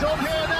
Job here now.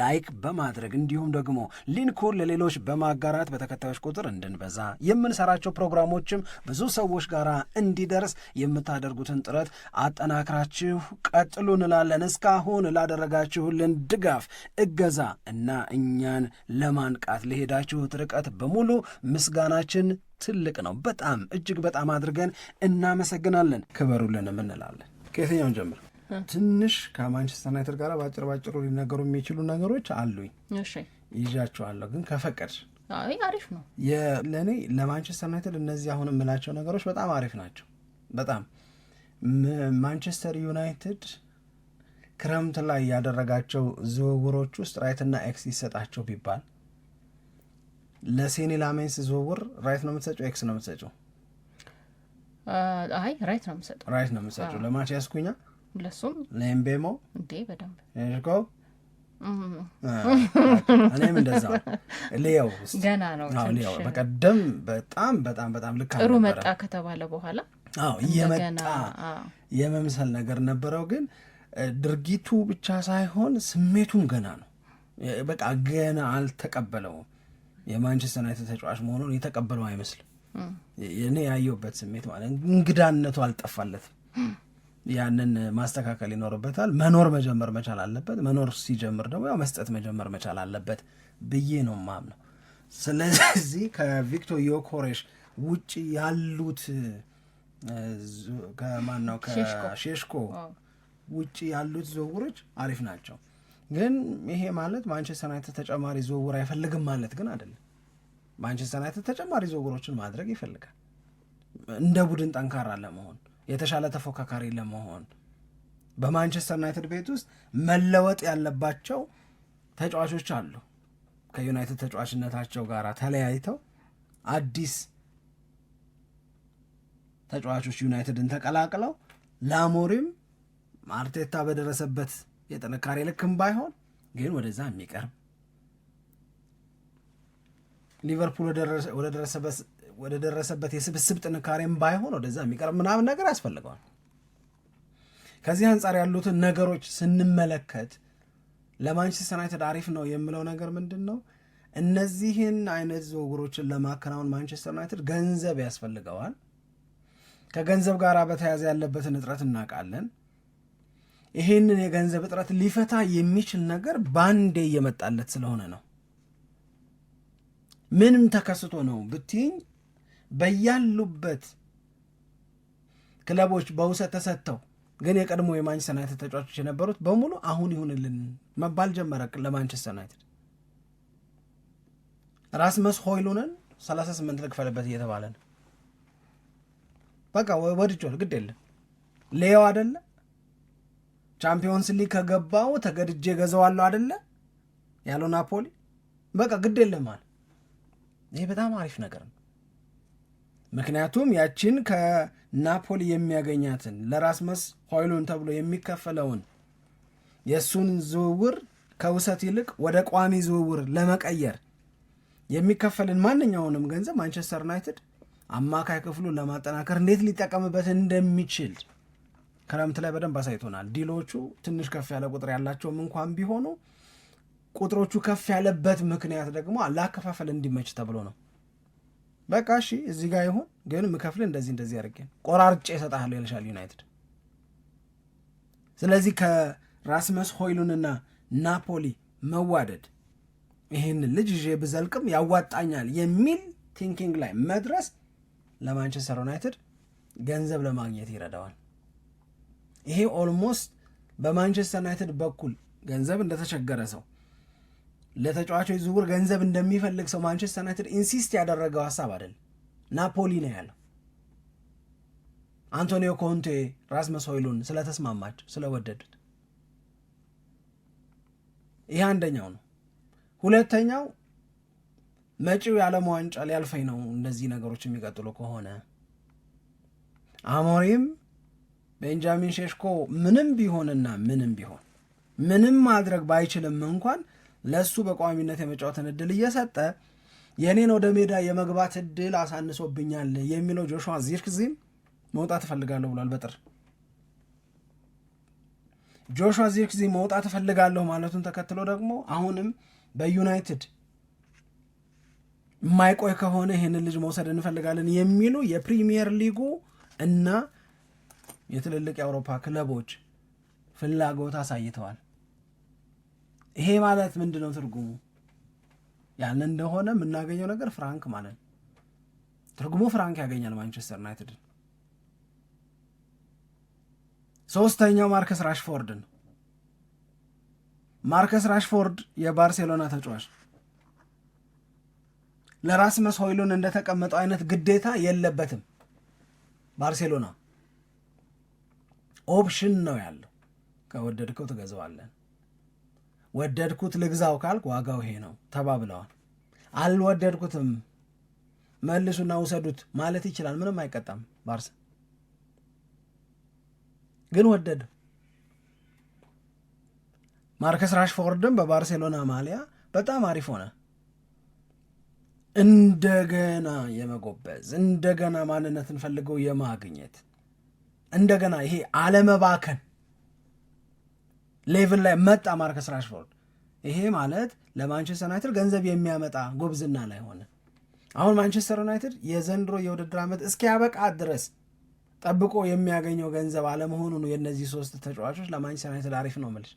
ላይክ በማድረግ እንዲሁም ደግሞ ሊንኩን ለሌሎች በማጋራት በተከታዮች ቁጥር እንድንበዛ የምንሰራቸው ፕሮግራሞችም ብዙ ሰዎች ጋር እንዲደርስ የምታደርጉትን ጥረት አጠናክራችሁ ቀጥሉ እንላለን። እስካሁን ላደረጋችሁልን ድጋፍ፣ እገዛ እና እኛን ለማንቃት ለሄዳችሁት ርቀት በሙሉ ምስጋናችን ትልቅ ነው። በጣም እጅግ በጣም አድርገን እናመሰግናለን። ክበሩልን እንላለን። ከየትኛውን ጀምር? ትንሽ ከማንቸስተር ዩናይትድ ጋር በአጭር ባጭሩ ሊነገሩ የሚችሉ ነገሮች አሉኝ ይዣቸዋለሁ። ግን ከፈቀድ አሪፍ ነው። ለእኔ ለማንቸስተር ዩናይትድ እነዚህ አሁን የምላቸው ነገሮች በጣም አሪፍ ናቸው። በጣም ማንቸስተር ዩናይትድ ክረምት ላይ ያደረጋቸው ዝውውሮች ውስጥ ራይትና ኤክስ ይሰጣቸው ቢባል ለሴኒ ላሜንስ ዝውውር ራይት ነው የምትሰጪው ኤክስ ነው የምትሰጪው? አይ ራይት ነው የምትሰጪው። ራይት ነው የምትሰጪው ለማቲያስ ኩኛ ለሱም ለኤምቤሞ እንዴ በደንብ እኮ እኔም እንደዛ ልየው ገና ነው ልየው በቀደም በጣም በጣም በጣም ልክ ጥሩ መጣ ከተባለ በኋላ አዎ እየመጣ የመምሰል ነገር ነበረው፣ ግን ድርጊቱ ብቻ ሳይሆን ስሜቱም ገና ነው። በቃ ገና አልተቀበለውም። የማንቸስተር ዩናይትድ ተጫዋች መሆኑን የተቀበለው አይመስልም። እኔ ያየውበት ስሜት ማለት እንግዳነቱ አልጠፋለትም። ያንን ማስተካከል ይኖርበታል። መኖር መጀመር መቻል አለበት። መኖር ሲጀምር ደግሞ ያው መስጠት መጀመር መቻል አለበት ብዬ ነው ማምነው። ስለዚህ ከቪክቶር ዮኮሬሽ ውጭ ያሉት ከማነው ከሼሽኮ ውጭ ያሉት ዝውውሮች አሪፍ ናቸው። ግን ይሄ ማለት ማንቸስተር ዩናይትድ ተጨማሪ ዝውውር አይፈልግም ማለት ግን አይደለም። ማንቸስተር ዩናይትድ ተጨማሪ ዝውውሮችን ማድረግ ይፈልጋል እንደ ቡድን ጠንካራ ለመሆን የተሻለ ተፎካካሪ ለመሆን በማንቸስተር ዩናይትድ ቤት ውስጥ መለወጥ ያለባቸው ተጫዋቾች አሉ። ከዩናይትድ ተጫዋችነታቸው ጋር ተለያይተው አዲስ ተጫዋቾች ዩናይትድን ተቀላቅለው ላሞሪም አርቴታ በደረሰበት የጥንካሬ ልክም ባይሆን ግን ወደዛ የሚቀርብ ሊቨርፑል ወደ ደረሰበት ወደ ደረሰበት የስብስብ ጥንካሬም ባይሆን ወደዛ የሚቀርብ ምናምን ነገር ያስፈልገዋል። ከዚህ አንጻር ያሉትን ነገሮች ስንመለከት ለማንቸስተር ዩናይትድ አሪፍ ነው የምለው ነገር ምንድን ነው? እነዚህን አይነት ዝውውሮችን ለማከናወን ማንቸስተር ዩናይትድ ገንዘብ ያስፈልገዋል። ከገንዘብ ጋር በተያያዘ ያለበትን እጥረት እናውቃለን። ይሄንን የገንዘብ እጥረት ሊፈታ የሚችል ነገር ባንዴ እየመጣለት ስለሆነ ነው። ምንም ተከስቶ ነው ብትይኝ በያሉበት ክለቦች በውሰት ተሰጥተው ግን የቀድሞ የማንቸስተር ዩናይትድ ተጫዋቾች የነበሩት በሙሉ አሁን ይሁንልን መባል ጀመረ ለማንቸስተር ዩናይትድ። ራስመስ ሆይሉንን 38 ልክፈልበት እየተባለ ነው። በቃ ወድጆል፣ ግድ የለም ሌዮ አደለ ቻምፒዮንስ ሊግ ከገባው ተገድጄ ገዘዋለሁ አደለ ያለው ናፖሊ በቃ ግድ የለም አለ። ይሄ በጣም አሪፍ ነገር ነው። ምክንያቱም ያችን ከናፖሊ የሚያገኛትን ለራስመስ ሆይሉን ተብሎ የሚከፈለውን የእሱን ዝውውር ከውሰት ይልቅ ወደ ቋሚ ዝውውር ለመቀየር የሚከፈልን ማንኛውንም ገንዘብ ማንቸስተር ዩናይትድ አማካይ ክፍሉን ለማጠናከር እንዴት ሊጠቀምበት እንደሚችል ክረምት ላይ በደንብ አሳይቶናል። ዲሎቹ ትንሽ ከፍ ያለ ቁጥር ያላቸውም እንኳን ቢሆኑ ቁጥሮቹ ከፍ ያለበት ምክንያት ደግሞ ለአከፋፈል እንዲመች ተብሎ ነው። በቃ እሺ እዚህ ጋር ይሁን ግን ምከፍል እንደዚህ እንደዚህ አድርጌ ቆራርጬ እሰጥሃለሁ ይልሻል ዩናይትድ። ስለዚህ ከራስመስ ሆይሉንና ናፖሊ መዋደድ ይህን ልጅ ይዤ ብዘልቅም ያዋጣኛል የሚል ቲንኪንግ ላይ መድረስ ለማንቸስተር ዩናይትድ ገንዘብ ለማግኘት ይረዳዋል። ይሄ ኦልሞስት በማንቸስተር ዩናይትድ በኩል ገንዘብ እንደተቸገረ ሰው ለተጫዋቾች ዝውውር ገንዘብ እንደሚፈልግ ሰው ማንቸስተር ዩናይትድ ኢንሲስት ያደረገው ሀሳብ አይደል፣ ናፖሊ ነው ያለው። አንቶኒዮ ኮንቴ ራስመስ መሶይሉን ስለተስማማቸው ስለወደዱት፣ ይህ አንደኛው ነው። ሁለተኛው መጪው የዓለም ዋንጫ ሊያልፈኝ ነው እንደዚህ ነገሮች የሚቀጥሉ ከሆነ አሞሪም ቤንጃሚን ሼሽኮ ምንም ቢሆንና ምንም ቢሆን ምንም ማድረግ ባይችልም እንኳን ለእሱ በቋሚነት የመጫወትን እድል እየሰጠ የእኔን ወደ ሜዳ የመግባት እድል አሳንሶብኛል የሚለው ጆሹዋ ዚርክዚም መውጣት እፈልጋለሁ ብሏል። በጥር ጆሹዋ ዚርክዚ መውጣት እፈልጋለሁ ማለቱን ተከትሎ ደግሞ አሁንም በዩናይትድ የማይቆይ ከሆነ ይህንን ልጅ መውሰድ እንፈልጋለን የሚሉ የፕሪሚየር ሊጉ እና የትልልቅ የአውሮፓ ክለቦች ፍላጎት አሳይተዋል። ይሄ ማለት ምንድን ነው ትርጉሙ ያለ እንደሆነ የምናገኘው ነገር ፍራንክ ማለት ነው። ትርጉሙ ፍራንክ ያገኛል ማንቸስተር ዩናይትድን። ሶስተኛው ማርከስ ራሽፎርድ ነው። ማርከስ ራሽፎርድ የባርሴሎና ተጫዋች ለራስመስ ሆይሉን እንደተቀመጠው አይነት ግዴታ የለበትም። ባርሴሎና ኦፕሽን ነው ያለው፣ ከወደድከው ትገዛዋለን። ወደድኩት ልግዛው ካልክ ዋጋው ይሄ ነው ተባብለዋል። አልወደድኩትም መልሱና ውሰዱት ማለት ይችላል። ምንም አይቀጣም። ባርሳ ግን ወደደ። ማርከስ ራሽፎርድም በባርሴሎና ማሊያ በጣም አሪፍ ሆነ። እንደገና የመጎበዝ እንደገና ማንነትን ፈልገው የማግኘት እንደገና ይሄ አለመባከን ሌቭል ላይ መጣ ማርከስ ራሽፎርድ። ይሄ ማለት ለማንቸስተር ዩናይትድ ገንዘብ የሚያመጣ ጎብዝና ላይ ሆነ። አሁን ማንቸስተር ዩናይትድ የዘንድሮ የውድድር ዓመት እስኪያበቃ ድረስ ጠብቆ የሚያገኘው ገንዘብ አለመሆኑ ነው። የእነዚህ ሶስት ተጫዋቾች ለማንቸስተር ዩናይትድ አሪፍ ነው ምልሽ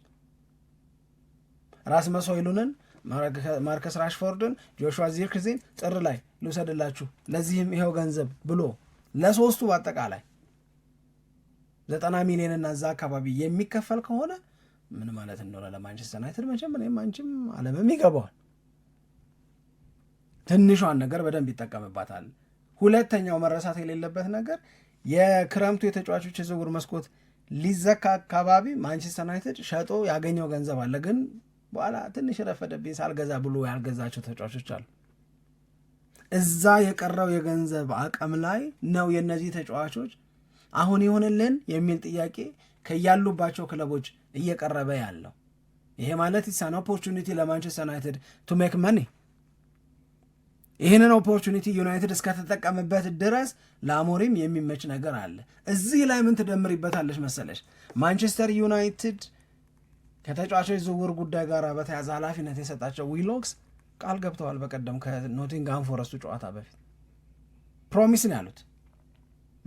ራስ መሶይሉንን ማርከስ ራሽፎርድን፣ ጆሹዋ ዚርክዜን ጥር ላይ ልውሰድላችሁ ለዚህም ይኸው ገንዘብ ብሎ ለሶስቱ በአጠቃላይ ዘጠና ሚሊዮንና እዛ አካባቢ የሚከፈል ከሆነ ምን ማለት እንደሆነ ለማንቸስተር ዩናይትድ መቼም እኔም አንቺም አለምም ይገባዋል። ትንሿን ነገር በደንብ ይጠቀምባታል። ሁለተኛው መረሳት የሌለበት ነገር የክረምቱ የተጫዋቾች የዝውውር መስኮት ሊዘካ አካባቢ ማንቸስተር ዩናይትድ ሸጦ ያገኘው ገንዘብ አለ። ግን በኋላ ትንሽ ረፈደብኝ ሳልገዛ ብሎ ያልገዛቸው ተጫዋቾች አሉ። እዛ የቀረው የገንዘብ አቅም ላይ ነው የእነዚህ ተጫዋቾች አሁን ይሆንልን የሚል ጥያቄ ከያሉባቸው ክለቦች እየቀረበ ያለው። ይሄ ማለት ሳን ኦፖርቹኒቲ ለማንቸስተር ዩናይትድ ቱ ሜክ መኒ። ይህንን ኦፖርቹኒቲ ዩናይትድ እስከተጠቀምበት ድረስ ለአሞሪም የሚመች ነገር አለ። እዚህ ላይ ምን ትደምሪበታለች መሰለች? ማንቸስተር ዩናይትድ ከተጫዋቾች ዝውውር ጉዳይ ጋር በተያዘ ኃላፊነት የሰጣቸው ዊሎክስ ቃል ገብተዋል። በቀደም ከኖቲንግሃም ፎረስቱ ጨዋታ በፊት ፕሮሚስ ነው ያሉት።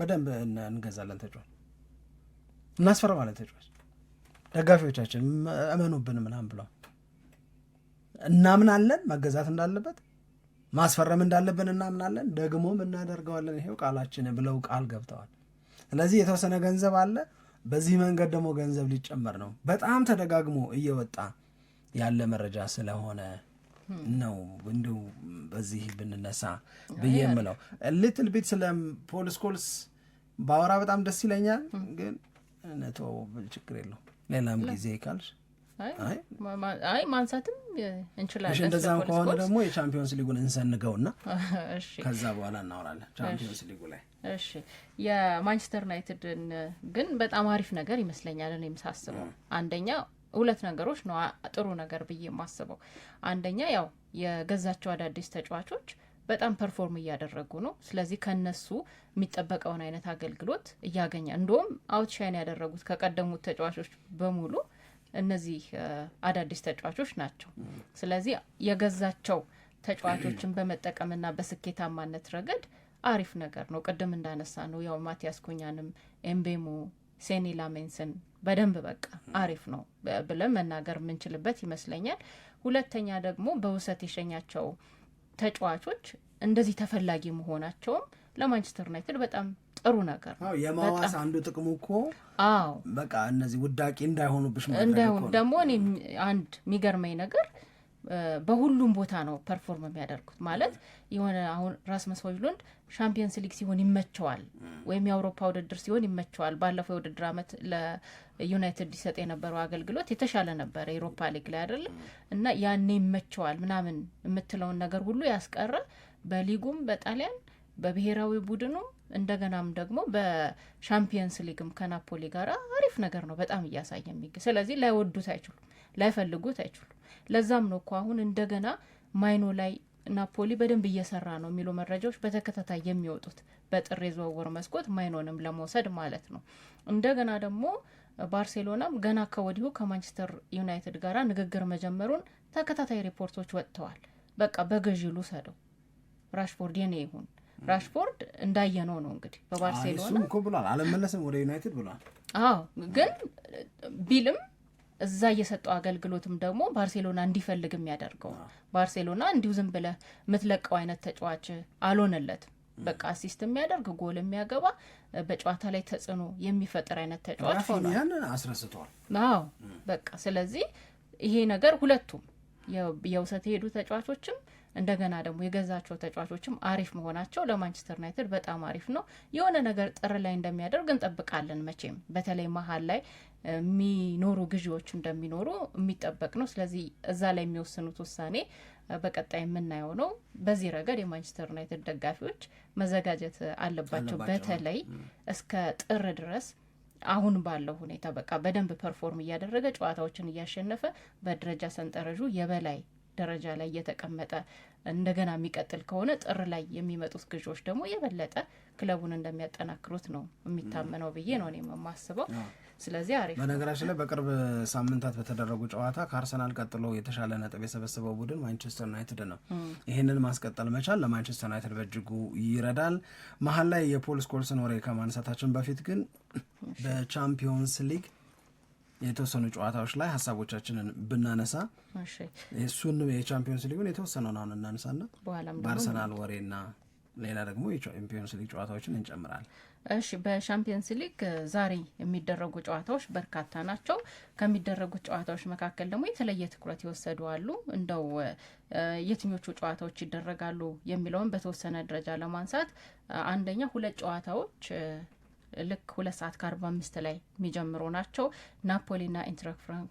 በደንብ እንገዛለን ተጫዋች እናስፈርማለን ተጫዋች ደጋፊዎቻችን እመኑብን ምናምን ብሏል። እናምናለን መገዛት እንዳለበት ማስፈረም እንዳለብን እናምናለን፣ ደግሞም እናደርገዋለን፣ ይሄው ቃላችን ብለው ቃል ገብተዋል። ስለዚህ የተወሰነ ገንዘብ አለ። በዚህ መንገድ ደግሞ ገንዘብ ሊጨመር ነው። በጣም ተደጋግሞ እየወጣ ያለ መረጃ ስለሆነ ነው እንዲሁ በዚህ ብንነሳ ብዬ የምለው ሊትል ቢት ስለ ፖል ስኮልስ ባወራ በጣም ደስ ይለኛል፣ ግን ነቶ ችግር የለው ሌላም ጊዜ ካልሽ አይ ማንሳትም እንችላለን። እንደዛም ከሆነ ደግሞ የቻምፒዮንስ ሊጉን እንሰንገውና ከዛ በኋላ እናወራለን ቻምፒዮንስ ሊጉ ላይ። እሺ የማንቸስተር ዩናይትድን ግን በጣም አሪፍ ነገር ይመስለኛል እኔ ሳስበው፣ አንደኛ ሁለት ነገሮች ነው ጥሩ ነገር ብዬ የማስበው። አንደኛ ያው የገዛቸው አዳዲስ ተጫዋቾች በጣም ፐርፎርም እያደረጉ ነው። ስለዚህ ከነሱ የሚጠበቀውን አይነት አገልግሎት እያገኘ እንደውም አውትሻይን ያደረጉት ከቀደሙት ተጫዋቾች በሙሉ እነዚህ አዳዲስ ተጫዋቾች ናቸው። ስለዚህ የገዛቸው ተጫዋቾችን በመጠቀምና በስኬታማነት ረገድ አሪፍ ነገር ነው። ቅድም እንዳነሳ ነው ያው ማቲያስ ኩኛንም ኤምቤሞ ሴኒ ላሜንስን በደንብ በቃ አሪፍ ነው ብለን መናገር የምንችልበት ይመስለኛል። ሁለተኛ ደግሞ በውሰት የሸኛቸው ተጫዋቾች እንደዚህ ተፈላጊ መሆናቸውም ለማንቸስተር ዩናይትድ በጣም ጥሩ ነገር ነው። የማዋስ አንዱ ጥቅሙ እኮ አዎ፣ በቃ እነዚህ ውዳቂ እንዳይሆኑብሽ እንዳይሆኑ ደግሞ እኔ አንድ የሚገርመኝ ነገር በሁሉም ቦታ ነው ፐርፎርም የሚያደርጉት። ማለት የሆነ አሁን ራስመስ ሆይሉንድ ሻምፒየንስ ሊግ ሲሆን ይመቸዋል፣ ወይም የአውሮፓ ውድድር ሲሆን ይመቸዋል። ባለፈው የውድድር ዓመት ለዩናይትድ ሊሰጥ የነበረው አገልግሎት የተሻለ ነበረ፣ የአውሮፓ ሊግ ላይ አይደለም እና ያኔ ይመቸዋል ምናምን የምትለውን ነገር ሁሉ ያስቀረ በሊጉም በጣሊያን በብሔራዊ ቡድኑም እንደገናም ደግሞ በሻምፒየንስ ሊግም ከናፖሊ ጋር አሪፍ ነገር ነው በጣም እያሳየ የሚገኝ ስለዚህ ላይወዱት አይችሉም፣ ላይፈልጉት አይችሉም። ለዛም ነው እኮ አሁን እንደገና ማይኖ ላይ ናፖሊ በደንብ እየሰራ ነው የሚሉ መረጃዎች በተከታታይ የሚወጡት በጥር የዝውውር መስኮት ማይኖንም ለመውሰድ ማለት ነው። እንደገና ደግሞ ባርሴሎናም ገና ከወዲሁ ከማንቸስተር ዩናይትድ ጋር ንግግር መጀመሩን ተከታታይ ሪፖርቶች ወጥተዋል። በቃ በገዢ ልውሰደው፣ ራሽፎርድ የኔ ይሁን። ራሽፎርድ እንዳየነው ነው እንግዲህ በባርሴሎና ብሏል፣ አልመለስም ወደ ዩናይትድ ብሏል። አዎ ግን ቢልም እዛ እየሰጠው አገልግሎትም ደግሞ ባርሴሎና እንዲፈልግ የሚያደርገው ባርሴሎና እንዲሁ ዝም ብለ የምትለቀው አይነት ተጫዋች አልሆነለት። በቃ አሲስት የሚያደርግ ጎል የሚያገባ በጨዋታ ላይ ተጽዕኖ የሚፈጥር አይነት ተጫዋች ሆኗል፣ አስረስተዋል። አዎ በቃ ስለዚህ ይሄ ነገር ሁለቱም የውሰት የሄዱ ተጫዋቾችም እንደገና ደግሞ የገዛቸው ተጫዋቾችም አሪፍ መሆናቸው ለማንቸስተር ዩናይትድ በጣም አሪፍ ነው። የሆነ ነገር ጥር ላይ እንደሚያደርግ እንጠብቃለን። መቼም በተለይ መሀል ላይ የሚኖሩ ግዢዎች እንደሚኖሩ የሚጠበቅ ነው። ስለዚህ እዛ ላይ የሚወስኑት ውሳኔ በቀጣይ የምናየው ነው። በዚህ ረገድ የማንቸስተር ዩናይትድ ደጋፊዎች መዘጋጀት አለባቸው። በተለይ እስከ ጥር ድረስ አሁን ባለው ሁኔታ በቃ በደንብ ፐርፎርም እያደረገ ጨዋታዎችን እያሸነፈ በደረጃ ሰንጠረዡ የበላይ ደረጃ ላይ እየተቀመጠ እንደገና የሚቀጥል ከሆነ ጥር ላይ የሚመጡት ግዢዎች ደግሞ የበለጠ ክለቡን እንደሚያጠናክሩት ነው የሚታመነው ብዬ ነው እኔ የማስበው። ስለዚህ አሪፍ። በነገራችን ላይ በቅርብ ሳምንታት በተደረጉ ጨዋታ ከአርሰናል ቀጥሎ የተሻለ ነጥብ የሰበሰበው ቡድን ማንቸስተር ዩናይትድ ነው። ይህንን ማስቀጠል መቻል ለማንቸስተር ዩናይትድ በእጅጉ ይረዳል። መሀል ላይ የፖል ስኮልስን ወሬ ከማንሳታችን በፊት ግን በቻምፒዮንስ ሊግ የተወሰኑ ጨዋታዎች ላይ ሀሳቦቻችንን ብናነሳ እሱን የቻምፒዮንስ ሊጉን የተወሰነውን አሁን እናነሳና በአርሰናል ወሬና ሌላ ደግሞ የቻምፒዮንስ ሊግ ጨዋታዎችን እንጨምራለን። እሺ፣ በሻምፒየንስ ሊግ ዛሬ የሚደረጉ ጨዋታዎች በርካታ ናቸው። ከሚደረጉት ጨዋታዎች መካከል ደግሞ የተለየ ትኩረት ይወሰዱ አሉ። እንደው የትኞቹ ጨዋታዎች ይደረጋሉ የሚለውን በተወሰነ ደረጃ ለማንሳት አንደኛ ሁለት ጨዋታዎች ልክ ሁለት ሰዓት ከአርባ አምስት ላይ የሚጀምሩ ናቸው። ናፖሊና ኢንትር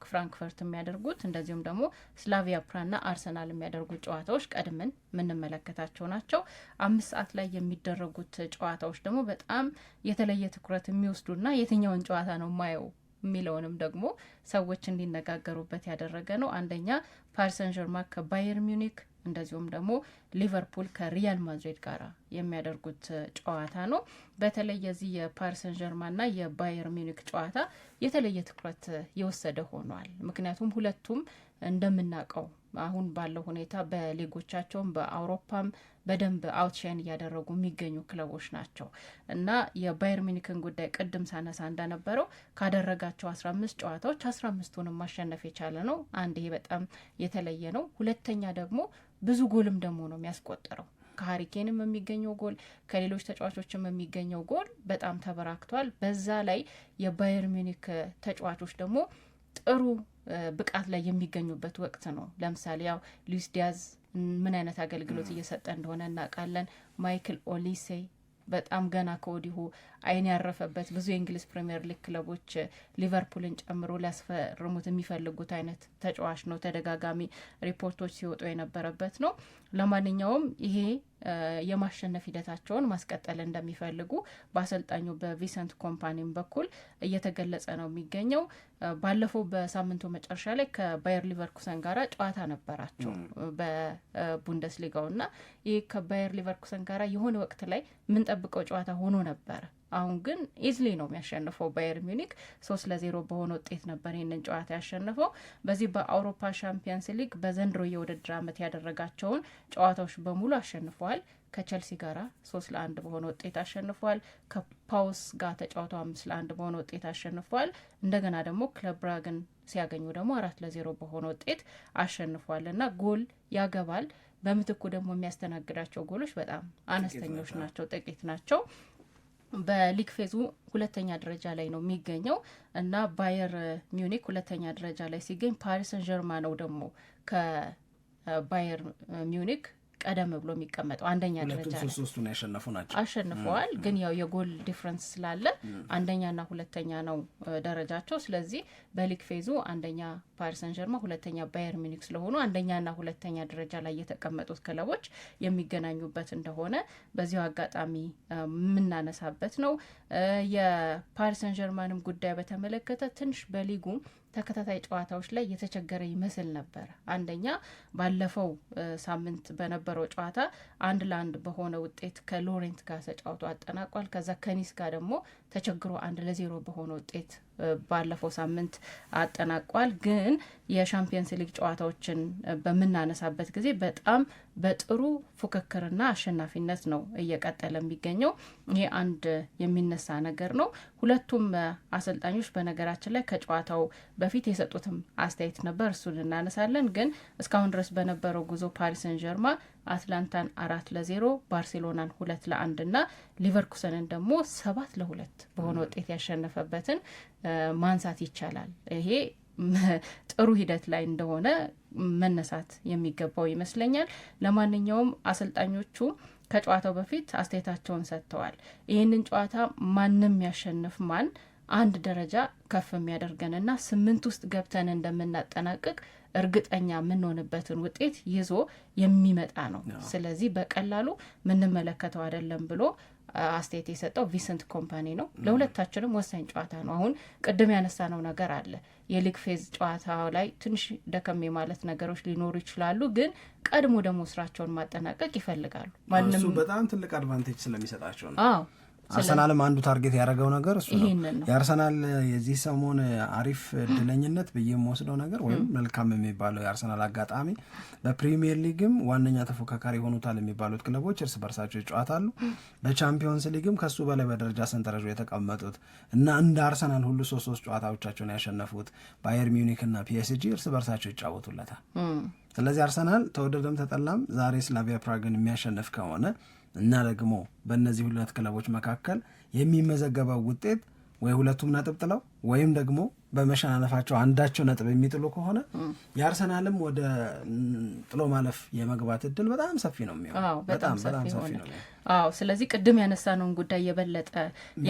ፍራንክፈርት የሚያደርጉት እንደዚሁም ደግሞ ስላቪያ ፕራና አርሰናል የሚያደርጉት ጨዋታዎች ቀድመን የምንመለከታቸው ናቸው። አምስት ሰዓት ላይ የሚደረጉት ጨዋታዎች ደግሞ በጣም የተለየ ትኩረት የሚወስዱና የትኛውን ጨዋታ ነው ማየው የሚለውንም ደግሞ ሰዎች እንዲነጋገሩበት ያደረገ ነው። አንደኛ ፓሪሰን ጀርማ ከባየር ሚኒክ እንደዚሁም ደግሞ ሊቨርፑል ከሪያል ማድሪድ ጋር የሚያደርጉት ጨዋታ ነው። በተለይ የዚህ የፓሪሰን ጀርማና የባየር ሚኒክ ጨዋታ የተለየ ትኩረት የወሰደ ሆኗል። ምክንያቱም ሁለቱም እንደምናውቀው አሁን ባለው ሁኔታ በሊጎቻቸውም በአውሮፓም በደንብ አውትሻይን እያደረጉ የሚገኙ ክለቦች ናቸው እና የባየር ሚኒክን ጉዳይ ቅድም ሳነሳ እንደነበረው ካደረጋቸው አስራ አምስት ጨዋታዎች አስራ አምስቱንም ማሸነፍ የቻለ ነው። አንድ ይሄ በጣም የተለየ ነው። ሁለተኛ ደግሞ ብዙ ጎልም ደግሞ ነው የሚያስቆጠረው። ከሀሪኬንም የሚገኘው ጎል ከሌሎች ተጫዋቾችም የሚገኘው ጎል በጣም ተበራክቷል። በዛ ላይ የባየር ሚኒክ ተጫዋቾች ደግሞ ጥሩ ብቃት ላይ የሚገኙበት ወቅት ነው። ለምሳሌ ያው ሉዊስ ዲያዝ ምን አይነት አገልግሎት እየሰጠ እንደሆነ እናውቃለን። ማይክል ኦሊሴ በጣም ገና ከወዲሁ አይን ያረፈበት ብዙ የእንግሊዝ ፕሪምየር ሊግ ክለቦች ሊቨርፑልን ጨምሮ ሊያስፈርሙት የሚፈልጉት አይነት ተጫዋች ነው። ተደጋጋሚ ሪፖርቶች ሲወጡ የነበረበት ነው። ለማንኛውም ይሄ የማሸነፍ ሂደታቸውን ማስቀጠል እንደሚፈልጉ በአሰልጣኙ በቪሰንት ኮምፓኒም በኩል እየተገለጸ ነው የሚገኘው። ባለፈው በሳምንቱ መጨረሻ ላይ ከባየር ሊቨርኩሰን ጋራ ጨዋታ ነበራቸው በቡንደስሊጋው እና ይህ ከባየር ሊቨርኩሰን ጋራ የሆነ ወቅት ላይ የምንጠብቀው ጨዋታ ሆኖ ነበረ። አሁን ግን ኢዝሊ ነው የሚያሸንፈው ባየር ሚኒክ ሶስት ለዜሮ በሆነ ውጤት ነበር ይህንን ጨዋታ ያሸንፈው። በዚህ በአውሮፓ ሻምፒየንስ ሊግ በዘንድሮ የውድድር ዓመት ያደረጋቸውን ጨዋታዎች በሙሉ አሸንፈዋል። ከቸልሲ ጋር ሶስት ለአንድ በሆነ ውጤት አሸንፏል። ከፓውስ ጋር ተጫውተው አምስት ለአንድ በሆነ ውጤት አሸንፏል። እንደገና ደግሞ ክለብ ብራግን ሲያገኙ ደግሞ አራት ለዜሮ በሆነ ውጤት አሸንፏል እና ጎል ያገባል። በምትኩ ደግሞ የሚያስተናግዳቸው ጎሎች በጣም አነስተኞች ናቸው፣ ጥቂት ናቸው። በሊግ ፌዙ ሁለተኛ ደረጃ ላይ ነው የሚገኘው እና ባየር ሚዩኒክ ሁለተኛ ደረጃ ላይ ሲገኝ ፓሪስ ጀርማ ነው ደግሞ ከባየር ሚዩኒክ ቀደም ብሎ የሚቀመጠው አንደኛ ደረጃ ሶስቱን ያሸነፉ ናቸው አሸንፈዋል። ግን ያው የጎል ዲፍረንስ ስላለ አንደኛና ሁለተኛ ነው ደረጃቸው። ስለዚህ በሊግ ፌዙ አንደኛ ፓሪስ ሰን ጀርማ፣ ሁለተኛ ባየር ሚኒክ ስለሆኑ አንደኛና ሁለተኛ ደረጃ ላይ የተቀመጡት ክለቦች የሚገናኙበት እንደሆነ በዚሁ አጋጣሚ የምናነሳበት ነው። የፓሪስ ሰን ጀርማንም ጉዳይ በተመለከተ ትንሽ በሊጉ ተከታታይ ጨዋታዎች ላይ የተቸገረ ይመስል ነበር። አንደኛ ባለፈው ሳምንት በነበረው ጨዋታ አንድ ለአንድ በሆነ ውጤት ከሎሬንት ጋር ተጫውቶ አጠናቋል። ከዛ ከኒስ ጋር ደግሞ ተቸግሮ አንድ ለዜሮ በሆነ ውጤት ባለፈው ሳምንት አጠናቋል። ግን የሻምፒየንስ ሊግ ጨዋታዎችን በምናነሳበት ጊዜ በጣም በጥሩ ፉክክርና አሸናፊነት ነው እየቀጠለ የሚገኘው። ይሄ አንድ የሚነሳ ነገር ነው። ሁለቱም አሰልጣኞች በነገራችን ላይ ከጨዋታው በፊት የሰጡትም አስተያየት ነበር፣ እሱን እናነሳለን። ግን እስካሁን ድረስ በነበረው ጉዞ ፓሪስን ጀርማ አትላንታን አራት ለዜሮ ባርሴሎናን ሁለት ለአንድ እና ሊቨርኩሰንን ደግሞ ሰባት ለሁለት በሆነ ውጤት ያሸነፈበትን ማንሳት ይቻላል። ይሄ ጥሩ ሂደት ላይ እንደሆነ መነሳት የሚገባው ይመስለኛል። ለማንኛውም አሰልጣኞቹ ከጨዋታው በፊት አስተያየታቸውን ሰጥተዋል። ይህንን ጨዋታ ማንም ያሸንፍ ማን አንድ ደረጃ ከፍ የሚያደርገንና ስምንት ውስጥ ገብተን እንደምናጠናቅቅ እርግጠኛ የምንሆንበትን ውጤት ይዞ የሚመጣ ነው። ስለዚህ በቀላሉ የምንመለከተው አይደለም ብሎ አስተያየት የሰጠው ቪሰንት ኮምፓኒ ነው። ለሁለታችንም ወሳኝ ጨዋታ ነው። አሁን ቅድም ያነሳነው ነገር አለ። የሊግ ፌዝ ጨዋታ ላይ ትንሽ ደከም ማለት ነገሮች ሊኖሩ ይችላሉ፣ ግን ቀድሞ ደግሞ ስራቸውን ማጠናቀቅ ይፈልጋሉ። ማንም በጣም ትልቅ አድቫንቴጅ ስለሚሰጣቸው ነው። አዎ አርሰናልም አንዱ ታርጌት ያደረገው ነገር እሱ ነው። የአርሰናል የዚህ ሰሞን አሪፍ እድለኝነት ብዬ የምወስደው ነገር ወይም መልካም የሚባለው የአርሰናል አጋጣሚ በፕሪሚየር ሊግም ዋነኛ ተፎካካሪ ሆኑታል የሚባሉት ክለቦች እርስ በርሳቸው ይጫወታሉ። በቻምፒዮንስ ሊግም ከሱ በላይ በደረጃ ሰንጠረዥ የተቀመጡት እና እንደ አርሰናል ሁሉ ሶስት ሶስት ጨዋታዎቻቸውን ያሸነፉት ባየር ሚዩኒክና ፒኤስጂ እርስ በርሳቸው ይጫወቱለታል። ስለዚህ አርሰናል ተወደደም ተጠላም ዛሬ ስላቪያ ፕራግን የሚያሸንፍ ከሆነ እና ደግሞ በእነዚህ ሁለት ክለቦች መካከል የሚመዘገበው ውጤት ወይ ሁለቱም ነጥብ ጥለው ወይም ደግሞ በመሸናነፋቸው አንዳቸው ነጥብ የሚጥሉ ከሆነ የአርሰናልም ወደ ጥሎ ማለፍ የመግባት እድል በጣም ሰፊ ነው የሚሆነው። በጣም በጣም ሰፊ ነው። አዎ፣ ስለዚህ ቅድም ያነሳነውን ጉዳይ የበለጠ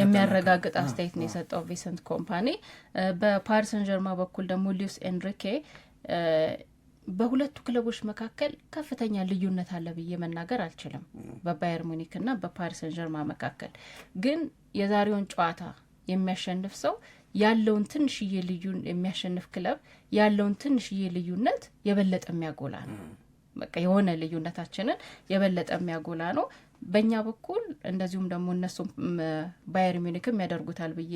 የሚያረጋግጥ አስተያየት ነው የሰጠው ቪንሰንት ኮምፓኒ። በፓሪስ ሰን ጀርማ በኩል ደግሞ ሉዊስ ኤንሪኬ በሁለቱ ክለቦች መካከል ከፍተኛ ልዩነት አለ ብዬ መናገር አልችልም፣ በባየር ሙኒክ እና በፓሪስ ሰን ጀርማ መካከል ግን የዛሬውን ጨዋታ የሚያሸንፍ ሰው ያለውን ትንሽዬ ልዩ የሚያሸንፍ ክለብ ያለውን ትንሽዬ ልዩነት የበለጠ የሚያጎላ ነው። በቃ የሆነ ልዩነታችንን የበለጠ የሚያጎላ ነው በእኛ በኩል እንደዚሁም ደግሞ እነሱም ባየር ሚኒክም ያደርጉታል ብዬ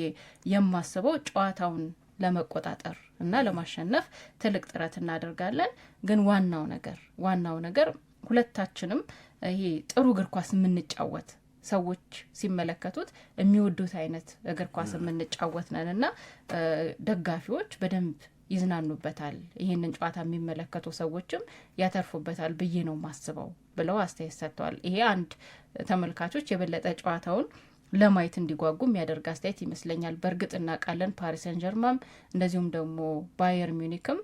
የማስበው ጨዋታውን ለመቆጣጠር እና ለማሸነፍ ትልቅ ጥረት እናደርጋለን። ግን ዋናው ነገር ዋናው ነገር ሁለታችንም ይሄ ጥሩ እግር ኳስ የምንጫወት ሰዎች ሲመለከቱት የሚወዱት አይነት እግር ኳስ የምንጫወት ነን እና ደጋፊዎች በደንብ ይዝናኑበታል፣ ይህንን ጨዋታ የሚመለከቱ ሰዎችም ያተርፉበታል ብዬ ነው ማስበው ብለው አስተያየት ሰጥተዋል። ይሄ አንድ ተመልካቾች የበለጠ ጨዋታውን ለማየት እንዲጓጉ የሚያደርግ አስተያየት ይመስለኛል። በእርግጥ እናውቃለን ፓሪሰን ጀርማም እንደዚሁም ደግሞ ባየር ሚኒክም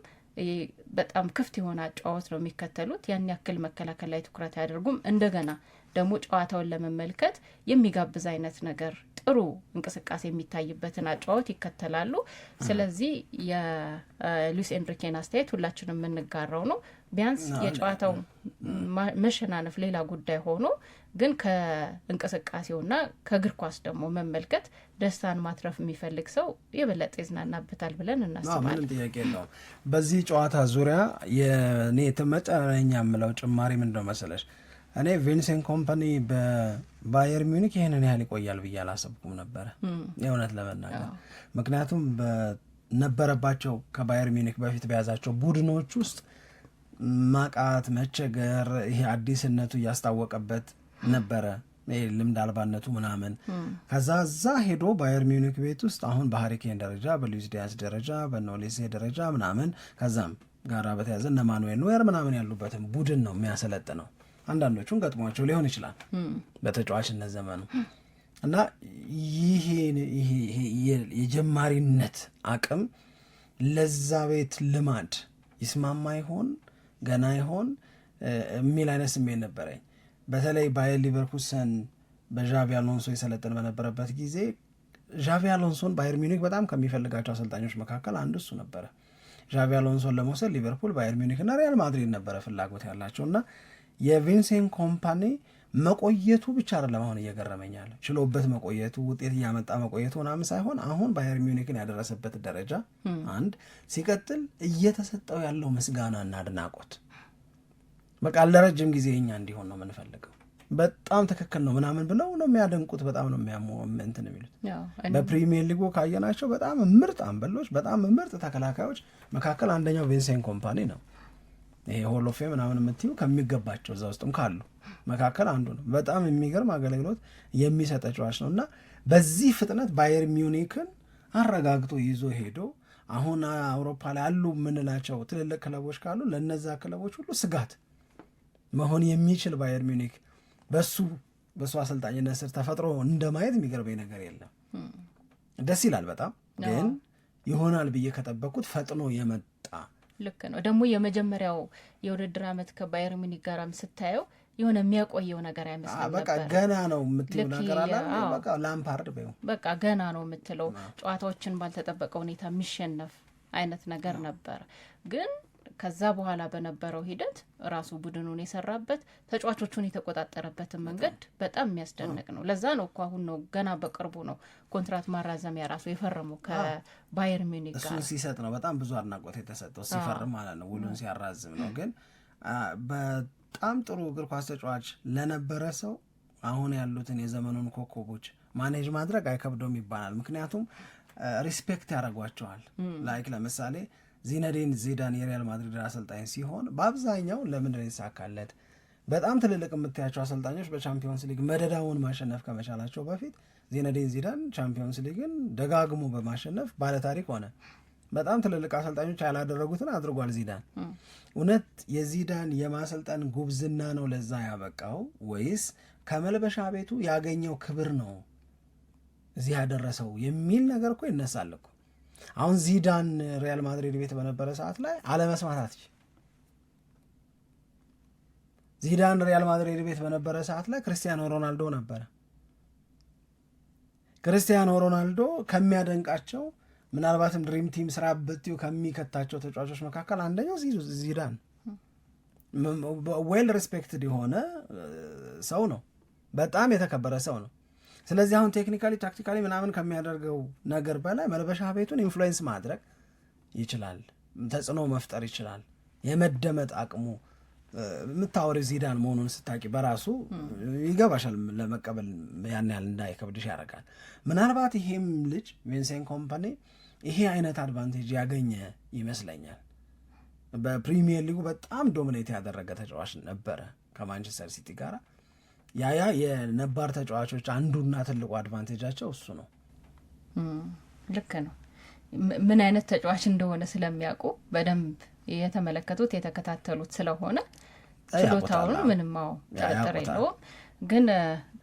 በጣም ክፍት የሆነ አጫዋወት ነው የሚከተሉት። ያን ያክል መከላከል ላይ ትኩረት አያደርጉም። እንደገና ደግሞ ጨዋታውን ለመመልከት የሚጋብዝ አይነት ነገር ጥሩ እንቅስቃሴ የሚታይበትን አጫወት ይከተላሉ። ስለዚህ የሉዊስ ኤንሪኬን አስተያየት ሁላችንም የምንጋራው ነው። ቢያንስ የጨዋታው መሸናነፍ ሌላ ጉዳይ ሆኖ ግን ከእንቅስቃሴውና ከእግር ኳስ ደግሞ መመልከት ደስታን ማትረፍ የሚፈልግ ሰው የበለጠ ይዝናናበታል ብለን እናስባለን። ምንም ጥያቄ የለውም። በዚህ ጨዋታ ዙሪያ የኔ መጨረኛ የምለው ጭማሪ ምንድነው መሰለሽ እኔ ቪንሴንት ኮምፓኒ በባየር ሚኒክ ይህንን ያህል ይቆያል ብዬ አላሰብኩም ነበረ የእውነት ለመናገር ምክንያቱም በነበረባቸው ከባየር ሚኒክ በፊት በያዛቸው ቡድኖች ውስጥ ማቃት መቸገር፣ ይሄ አዲስነቱ እያስታወቀበት ነበረ ልምድ አልባነቱ ምናምን ከዛ ዛ ሄዶ ባየር ሚኒክ ቤት ውስጥ አሁን በሀሪኬን ደረጃ በሉዊስ ዲያዝ ደረጃ በኖሌሴ ደረጃ ምናምን ከዛም ጋራ በተያዘ እነ ማኑዌል ኖየር ምናምን ያሉበትን ቡድን ነው የሚያሰለጥ ነው አንዳንዶቹን ገጥሟቸው ሊሆን ይችላል በተጫዋችነት ዘመኑ እና ይሄ የጀማሪነት አቅም ለዛ ቤት ልማድ ይስማማ ይሆን ገና ይሆን የሚል አይነት ስሜት ነበረኝ። በተለይ ባየር ሊቨርኩሰን በዣቪ አሎንሶ የሰለጠን በነበረበት ጊዜ ዣቪ አሎንሶን ባየር ሚኒክ በጣም ከሚፈልጋቸው አሰልጣኞች መካከል አንዱ እሱ ነበረ። ዣቪ አሎንሶን ለመውሰድ ሊቨርፑል፣ ባየር ሚኒክ እና ሪያል ማድሪድ ነበረ ፍላጎት ያላቸው እና የቪንሴንት ኮምፓኒ መቆየቱ ብቻ አይደለም አሁን እየገረመኝ ችሎበት መቆየቱ ውጤት እያመጣ መቆየቱ ምናምን ሳይሆን አሁን ባየር ሚኒክን ያደረሰበት ደረጃ hmm. አንድ ሲቀጥል እየተሰጠው ያለው ምስጋናና አድናቆት በቃ ለረጅም ጊዜ እኛ እንዲሆን ነው የምንፈልገው በጣም ትክክል ነው ምናምን ብለው ነው የሚያደንቁት። በጣም ነው የሚያሙ እንትን የሚሉት በፕሪሚየር ሊጉ ካየናቸው በጣም ምርጥ አንበሎች፣ በጣም ምርጥ ተከላካዮች መካከል አንደኛው ቪንሴንት ኮምፓኒ ነው። ይሄ ሆል ኦፍ ፌም ምናምን የምትዩ ከሚገባቸው እዛ ውስጥም ካሉ መካከል አንዱ ነው። በጣም የሚገርም አገልግሎት የሚሰጠ ጨዋች ነው እና በዚህ ፍጥነት ባየር ሚዩኒክን አረጋግጦ ይዞ ሄዶ አሁን አውሮፓ ላይ አሉ የምንላቸው ትልልቅ ክለቦች ካሉ ለነዛ ክለቦች ሁሉ ስጋት መሆን የሚችል ባየር ሚኒክ በሱ በሱ አሰልጣኝነት ስር ተፈጥሮ እንደማየት የሚገርበኝ ነገር የለም። ደስ ይላል። በጣም ግን ይሆናል ብዬ ከጠበቅኩት ፈጥኖ የመጣ ልክ ነው። ደግሞ የመጀመሪያው የውድድር አመት ከባየር ሚኒክ ጋራም ስታየው የሆነ የሚያቆየው ነገር አይመስልም። በቃ ገና ነው የምትለው ነገር አለ። በቃ ላምፓርድ በቃ ገና ነው የምትለው ጨዋታዎችን ባልተጠበቀ ሁኔታ የሚሸነፍ አይነት ነገር ነበር ግን ከዛ በኋላ በነበረው ሂደት ራሱ ቡድኑን የሰራበት ተጫዋቾቹን የተቆጣጠረበትን መንገድ በጣም የሚያስደንቅ ነው። ለዛ ነው እኮ አሁን ነው ገና በቅርቡ ነው ኮንትራት ማራዘሚያ ራሱ የፈረሙ ከባየር ሚኒክ ጋር ሲሰጥ ነው በጣም ብዙ አድናቆት የተሰጠው ሲፈርም ማለት ነው ውሉን ሲያራዝም ነው። ግን በጣም ጥሩ እግር ኳስ ተጫዋች ለነበረ ሰው አሁን ያሉትን የዘመኑን ኮከቦች ማኔጅ ማድረግ አይከብደውም ይባላል። ምክንያቱም ሪስፔክት ያደርጓቸዋል። ላይክ ለምሳሌ ዚነዲን ዚዳን የሪያል ማድሪድ አሰልጣኝ ሲሆን በአብዛኛው ለምንድን የተሳካለት? በጣም ትልልቅ የምታያቸው አሰልጣኞች በቻምፒዮንስ ሊግ መደዳውን ማሸነፍ ከመቻላቸው በፊት ዚነዲን ዚዳን ቻምፒዮንስ ሊግን ደጋግሞ በማሸነፍ ባለታሪክ ሆነ። በጣም ትልልቅ አሰልጣኞች ያላደረጉትን አድርጓል ዚዳን። እውነት የዚዳን የማሰልጠን ጉብዝና ነው ለዛ ያበቃው ወይስ ከመልበሻ ቤቱ ያገኘው ክብር ነው እዚህ ያደረሰው የሚል ነገር እኮ ይነሳል እኮ አሁን ዚዳን ሪያል ማድሪድ ቤት በነበረ ሰዓት ላይ አለመስማት ዚዳን ሪያል ማድሪድ ቤት በነበረ ሰዓት ላይ ክርስቲያኖ ሮናልዶ ነበረ። ክርስቲያኖ ሮናልዶ ከሚያደንቃቸው ምናልባትም ድሪም ቲም ስራ ብትዩ ከሚከታቸው ተጫዋቾች መካከል አንደኛው ዚዳን ዌል ሪስፔክትድ የሆነ ሰው ነው። በጣም የተከበረ ሰው ነው። ስለዚህ አሁን ቴክኒካሊ ታክቲካሊ ምናምን ከሚያደርገው ነገር በላይ መልበሻ ቤቱን ኢንፍሉዌንስ ማድረግ ይችላል፣ ተጽዕኖ መፍጠር ይችላል። የመደመጥ አቅሙ የምታወሪ ዚዳን መሆኑን ስታቂ በራሱ ይገባሻል፣ ለመቀበል ያን ያህል እንዳይከብድሽ ያደርጋል። ምናልባት ይሄም ልጅ ቪንሴንት ኮምፓኒ ይሄ አይነት አድቫንቴጅ ያገኘ ይመስለኛል። በፕሪሚየር ሊጉ በጣም ዶሚኔት ያደረገ ተጫዋች ነበረ ከማንቸስተር ሲቲ ጋራ። ያያ የነባር ተጫዋቾች አንዱና ትልቁ አድቫንቴጃቸው እሱ ነው። ልክ ነው። ምን አይነት ተጫዋች እንደሆነ ስለሚያውቁ በደንብ የተመለከቱት የተከታተሉት ስለሆነ ችሎታውን ምንም ው ጥርጥር የለውም። ግን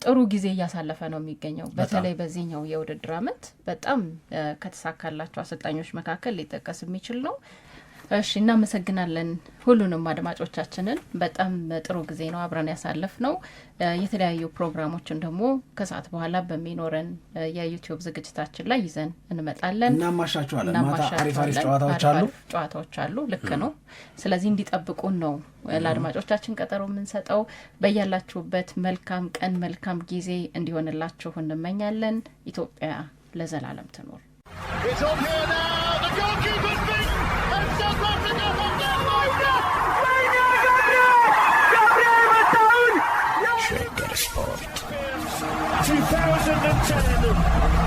ጥሩ ጊዜ እያሳለፈ ነው የሚገኘው። በተለይ በዚህኛው የውድድር አመት በጣም ከተሳካላቸው አሰልጣኞች መካከል ሊጠቀስ የሚችል ነው። እሺ እናመሰግናለን ሁሉንም አድማጮቻችንን። በጣም ጥሩ ጊዜ ነው አብረን ያሳለፍ ነው። የተለያዩ ፕሮግራሞችን ደግሞ ከሰዓት በኋላ በሚኖረን የዩቲዩብ ዝግጅታችን ላይ ይዘን እንመጣለን። እናማሻችኋለን። ጨዋታዎች አሉ ልክ ነው። ስለዚህ እንዲጠብቁን ነው ለአድማጮቻችን ቀጠሮ የምንሰጠው። በያላችሁበት መልካም ቀን መልካም ጊዜ እንዲሆንላችሁ እንመኛለን። ኢትዮጵያ ለዘላለም ትኖር። Oxford. 2010.